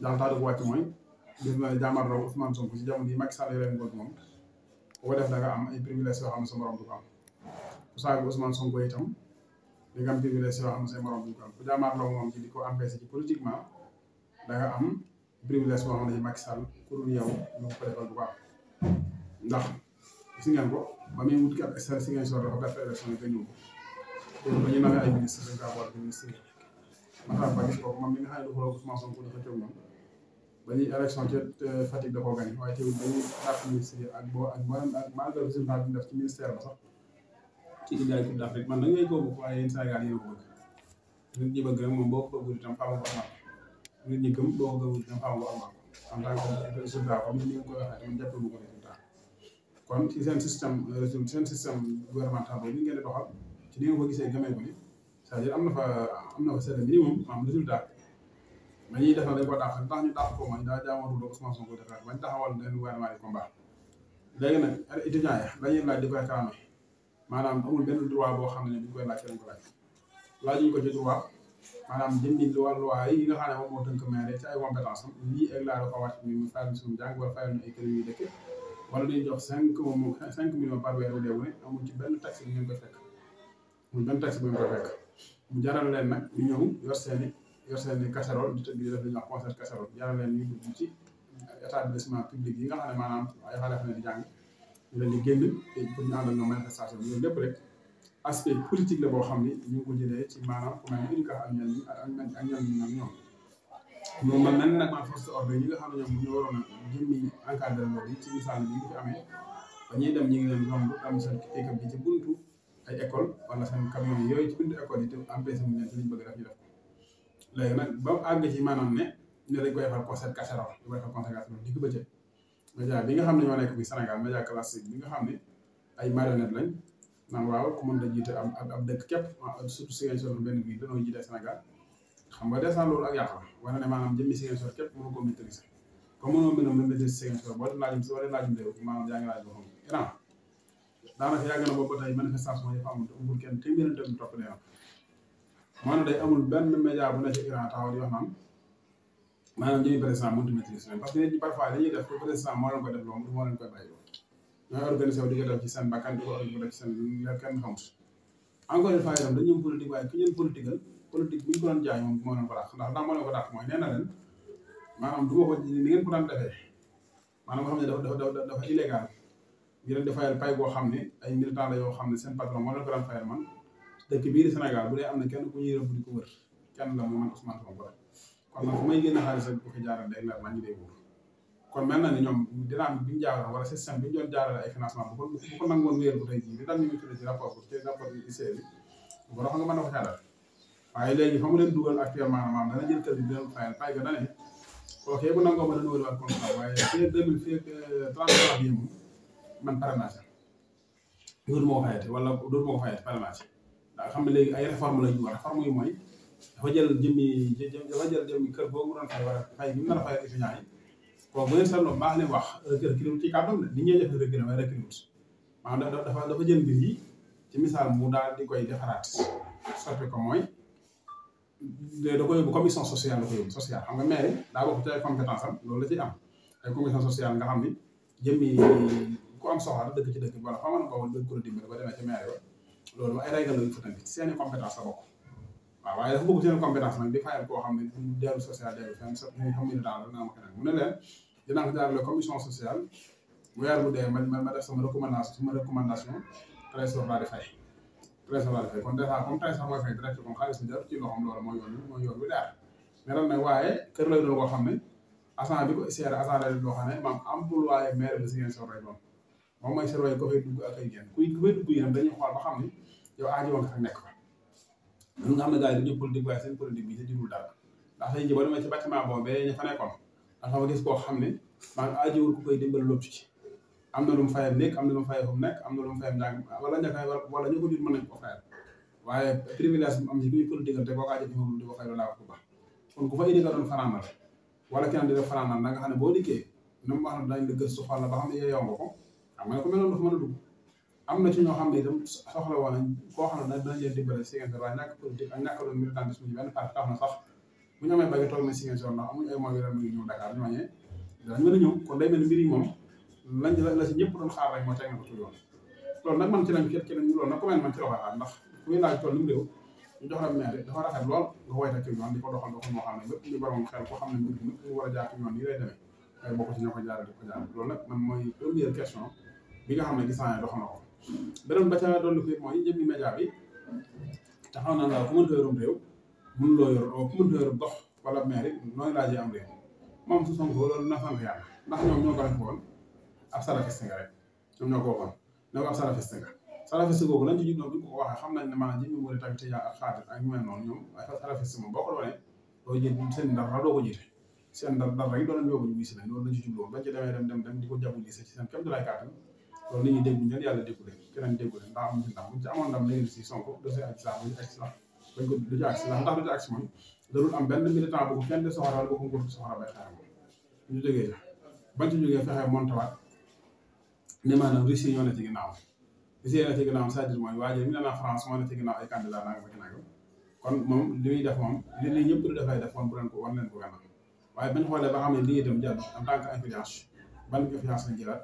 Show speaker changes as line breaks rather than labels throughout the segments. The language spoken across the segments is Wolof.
daal ko wàcc mooy gis na jàmmarloo Ousmane Sonko yi Macky Sall yoreen boog moom ku def da am ay privilèges yoo xam ne du ko am ku saaga Ousmane Sonko itam di nga am privilèges yoo xam ne sa morom du ko am ku jàmmarloo moom ci di ko empêché ci politiquement da nga am privilège boo xam ne Macky Sall ku dul yow ñoo ko defal du ndax gis ngeen ko ba muy wut ki ab si ngeen si dafa perte élection yi ñëw ko ma ñu nawee ay ministre dañ kaa boole ministre yi Matar Ba gis ko moom mi nga xam ba ñuy élection ca euh, Fatick da koo gagné waaye teewul dañuy dàq ministre ak boo ak maanaam ak malgré résultat bi def ci ministère ba sax ci indiay coupe d'Afrique man da ngay góobu waaye yéen Sénégal yéen ko bëgg nit ñi bëgg rek moom boo ko bëggul itam faaw boo ko gëmul itam faaw ko amal kon ci seen système euh, seen système gouvernemental boobu ni ngeen di doxal ci ni nga ko gisee gëmee ko ni am na fa am na fa minimum am résultat mais ñiy defal dañ ko dàq ndax ñu dàq ko mooy daa jaamoon doon Ousmane Sonko defar bañ taxawal leen gouvernement di combat léegi nag étudiants yi dañuy laaj di koy kaame maanaam amul benn droit boo xam ne bi ñu koy laaj kenn ko laaj laajuñ ko ci droit maanaam jëndi luwa luwa yi nga xam ne moom moo tënk maire ci ay compétence am lii ak laa dafa wàcc ni mu fayal suñu jàng wala fayal na ay kër yu dëkk wala dañuy jox cinq moom cinq millions par weer deewu ne amul ci benn taxe bu ngeen koy fekk amul benn taxe bu ngeen koy fekk mu jaral leen nag ñu ñëw yor seeni yor seen i casserole di tëgg di def li ñuy wax concert casserole yàlla leen ñuy yi nga xam ne maanaam ay xale fa ne di jàng ñu leen di génn te pour ñu àndal ñoom manifestation bi loolu rek aspect politique la boo xam ni ñu ngi ko jëlee ci maanaam ku mel ni ñu ko am ñenn ñi ak ak ñenn ñi nag ñoom. ne ñu waroon a jëmmi encadré loolu ci misaal bi ñu fi amee ba ñu ngi leen romb am seen bi ci buntu ay école wala seen camion yooyu ci buntu école yi te empêché mu leen ci liñ bëgg def ñu léegi nag ba àgg ci maanaam ne ne dañ koy defal concert casserole dañ koy defal concert casserole digg bëccëg
média bi nga xam ne ñoo nekk bi Sénégal
média classique bi nga xam ne ay marionnette lañ naan waaw ku mën da jiite am ab dëkk képp surtout Ziguinchor benn bii dañoo jiite Sénégal xam nga desaan loolu ak yàq la wane ne laajum si wala laajum yaa ngi laaj boo xam Iran daanaka yàgg na boobu ba tey manifestation yi te umbul topp leen maanaam day amul benn média bu ne ci Iran taxaw yoo a maîtriser leen parce que nit ñi parfois dañuy def ko président moo leen ko def loolu moo leen koy bàyyi loolu ñooy organisé wu di ko def ci seen bakkan di ko di ko def ci seen kenn xamut encore une xam ne dafa dafa dafa illégal ngir leen pay boo xam ne ay militant la yoo xam ne seen patron moo leen ko daan fayal man dëkk bii di Sénégal bu dee am na kenn ku ñuy rëbb di ko wër kenn la moo man Ousmane Sonko rek
kon nag fu may génn xaalis ak
bu ko jaaral day leer nañu day wóor kon mel na ni ñoom dina am bi ñu jaaral wala système bi ñu doon jaarale ay financement bu ko bu ko nangoon wéer bu tey jii li tax ñu ngi tudd ci rapport bi ci rapport bi ICE bi bu nga mën na ko caatal waaye léegi fa mu leen dugal actuellement maanaam dana jël kër bi dina fayal fay ga dane kookee bu nangoo ma dana wër waat contrat waaye fii deux mille fii euh, trente trois bi moom man parrainage loolu moo ko fayate wala loolu moo ko fayate parrainage ndax xam ne léegi ay réforme la mooy dafa jël jëmmi kër boobu doon fay war a fay bi mu nar a fay étudiant yi kooku bu ngeen seetloo wax euh, recrutement ci kàddoom la ni ñuy def dafa jël mbir yi ci misaal mu daal di koy defaraat soppi ko mooy da koy yóbbu commission sociale ko yóbbu sociale xam nga maire daa bokk ci ay compétence am loolu nga xam ni jëmmi ku am soxla dëkk ci dëkk bi fa mën ko woon dëkk ko dimbali ba demee ci maire yooyu loolu ay règle lañ fa tamit seen i compétence la bokk waaw waaye dafa bëgg seen compétence nag di fayal koo xam ne dellu social dellu fenn sa xam ne daal naa ma dinaa ko jaarale commission sociale weer ma def sama recommandation sama recommandation trésor laa di fay trésor laa di fay kon dèjà comme trésor mooy fay direct waaye kër lay doon xam ne agent bi ko seere agent xam ne maam employé maire bi si ngeen soor lay doon moom mooy surveiller ko fay dugg ak ay génn kuy ku fay dugg yéen dañuy xool ba xam ne yow aajo woon nga nekk fa ñun nga xam ne gars yi dañuy politique waaye seen bi te jubul dara ndax tey jii boo ñu fa nekkoon a gis koo xam ne maanaam aajo wul ku koy dimbal am na lu mu fayam am na lu mu fayam fu am na lu mu wala wala ñu ko nit mën ko boo ko aajo di ko fay fa indi nga doon fanaanal wala kenn di def fanaanal da nga xam ne boo dikkee nu mu wax na dañ la gëstu xool la ba xam ne yow yomb xam nga ku mel noonu a dugg am na ci koo xam ne nag dinañ leen dimbale Ziguinchor waaye ñàkk politique ak na sax bu ñu amee bëgg toog na Ziguinchor ndax amuñu ay moyens yu ñëw Dakar ñooñee a ñëpp doon xaar rek moo teg na ko ci yoon loolu nag man ci lañ ket ci lañ loolu nag ku mel man ci la koy ndax kuy laaj tool ni mu réew ñu jox ko xam ne lépp ñu borom ko xam ne mbir mi war a jaar ci yoon yi lay ay bokk ci ñoo ko loolu nag man mooy première question bi nga xam ne gis naa ne doxal na ko beneen ba ca doon ko mooy jëmmi média bi taxaw na la ku mënta yorum réew mënuloo yor ku mënta yor nooy laaj am réew moom su Sonko loolu na sant yàlla ndax ñoom ñoo ko def woon ab salafiste nga rek xam nañ ne maanaam jëmmi moo di tamit yaa ak xaatir ak ñu mel noonu ñoom a salafiste moom boo ko doonee doo jël seen ndar la doo ko jiite seen ndar ndar rek doo leen yóbbu ñu gis nañ loolu lañ ci juddoo bañ ci demee dem dem dem di ko jàpp gise ci seen kéem dalaay kàttan loolu la ñuy dégg ñun yàlla déggu leen keneen déggu leen ndax amuñ ci ndam buñ ci da see àgg ndax ndax du am benn militant bu ko kenn de soxora wala bu ko nguur bi soxora bay xaaral ñu jógee bañ ci jógee fexe montawaat ne maanaam ne ci ginnaaw Russie ñoo naa France moo ne ci ginnaaw ay li muy def moom li li ñëpp di dafay def moom bu leen ko war leen ko gànnaaw waaye bañ xoolee ba xam ne lii itam jàll en tant que influence ban influence lañ jëlaat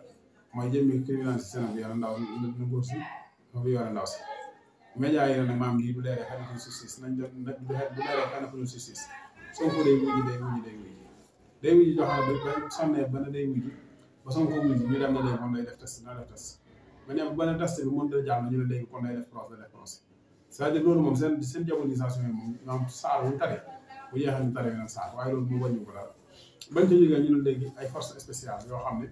mooy jëmmi criminalité si bi yàlla ndaw na góor si dafa yore gi bu leeree xanaa fi justice nañ jot bu leeree xanaa fi justice Sonko day wuyu ba sonnee ba ne day wuyu ba Sonko wuyu ñu dem na léegi ba ba ne test bi mënut a jàll ñu ne léegi kon day def preuve de moom seen seen diabolisation yi moom maam saar wu tare bu jeexee ñu tare waaye loolu mu wàññi ko dara bañ ci jógee ñu ne léegi ay force spéciales yoo xam ne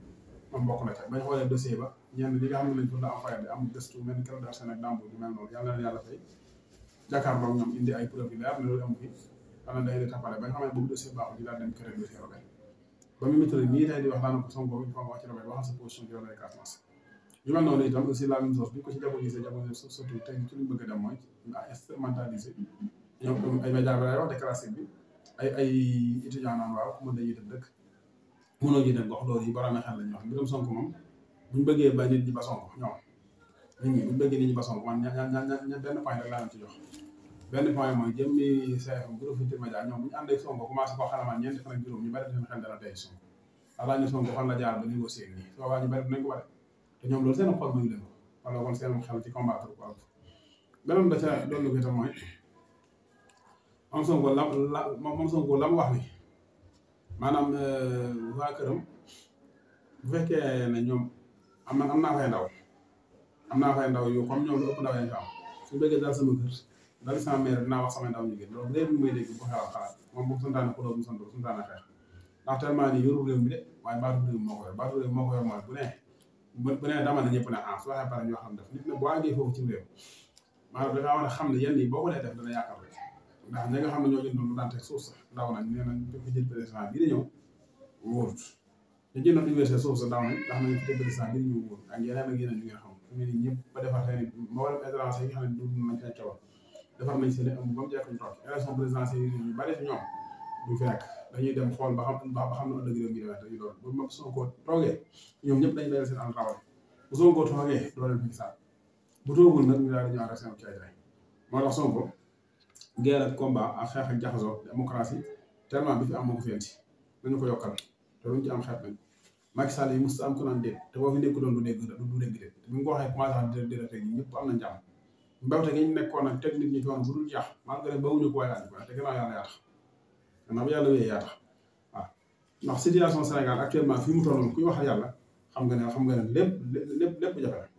moom bokk na ca bañ xoolee dossier ba ñenn ñi nga xam ne nañ pour am fayat bi am gëstu mel ni keroog daal seen ak dambo bu mel noonu yàlla ñoom indi ay preuve yi leer na ba nga xam dem kër dossier ko Sonko ñu fa wax ci rabay waxal sa position ci surtout tey ci luñ bëgg a dem mooy a instrumentalisé ay étudiant naan waaw mën dañuy dem dëkk mënoo ji dem wax loolu yi borom xel la ñuy wax mbirum Sonko moom buñ bëggee ba nit ñi ba Sonko ñoom nit ñi buñ bëggee nit ñi ba Sonko man ña ña ña benn point rek laa leen ci jox benn point mooy jëmmi CFM groupe Futurs Médias ñoom bu ñu àndee Sonko commencé koo xalamaan ñeenti fan ak juróom ñu bari seen xel dana tey Sonko avant ñu Sonko fan la jaar ba négocier nii soo waa ñu bari dinañ ko war te ñoom loolu seen xol muy leen wala kon seen xel ci combattre ko beneen da ca doon lu ko itam mooy moom Sonko la la moom Sonko la mu wax ni maanaam euh, waa këram bu fekkee ne ñoom am na am naa fay ndaw am naa fay ndaw yu comme ñoom lu ëpp ndaw yi ñu am su bëggee daal sama kër daal sama mère dinaa wax sama ndaw ñu gën loolu lépp lu may dégg bu xew xalaat moom bu santaane xuloo bu sant bu santaane xeex ndax tellement ni yoru réew mi de waaye baatu réew moo ko yor baatu réew moo ko yor mooy bu ne bu ne dama ne ñëpp ne ah su waxee pare ñoo xam def nit ne bu àggee foofu ci réew maanaam dafaa war a xam ne yenn yi boo ko dee def dana yaakaar ndax ñi nga xam ne ñoo jëndoon lu daan teg suuf sax daw nañ nee nañ dafa jël président bii di ñëw wóorut ñu jëndoon université suuf sax daw nañ ndax nañ ci président bii di ñëw wóorut ak yeneen ak yeneen yu nga xam ne nii ñëpp ba defar seen i mboolem étranger yi nga xam ne dund nañ ay cawal defar nañ seen i am ba mu jekk ñu toog élection présidentielle yi ñu bari ci ñoom du fekk dañuy dem xool ba xam ba xam ne ëllëg réew mi demee dañuy doon bu ma Sonko toogee ñoom ñëpp dañu dajale seen àll rawal bu Sonko toogee dooleel Macky Sall bu toogul nag ñu daal di ñëwaat ak seen caay moo tax Sonko guerre ak combat ak xeex ak jaxasoo démocratie tellement bi fi am moo ko fenti nañu ko yokkal te luñ ci am xeet nañ Macky Sall yi mos am ko naan déet te boo fi nekk doon du dégg du dégg déet bi mu ko waxee commencé di dégg teg ñëpp am na njàmm ñu nekkoon ak technique ñu ci woon bu dul jaax malgré bawuñu ko waaye ko te gannaaw yàlla yaa tax gannaaw yàlla wéyee yaa tax ndax situation Sénégal actuellement fi mu tolloon kuy wax yàlla xam nga ne xam nga ne lépp lépp lépp jafe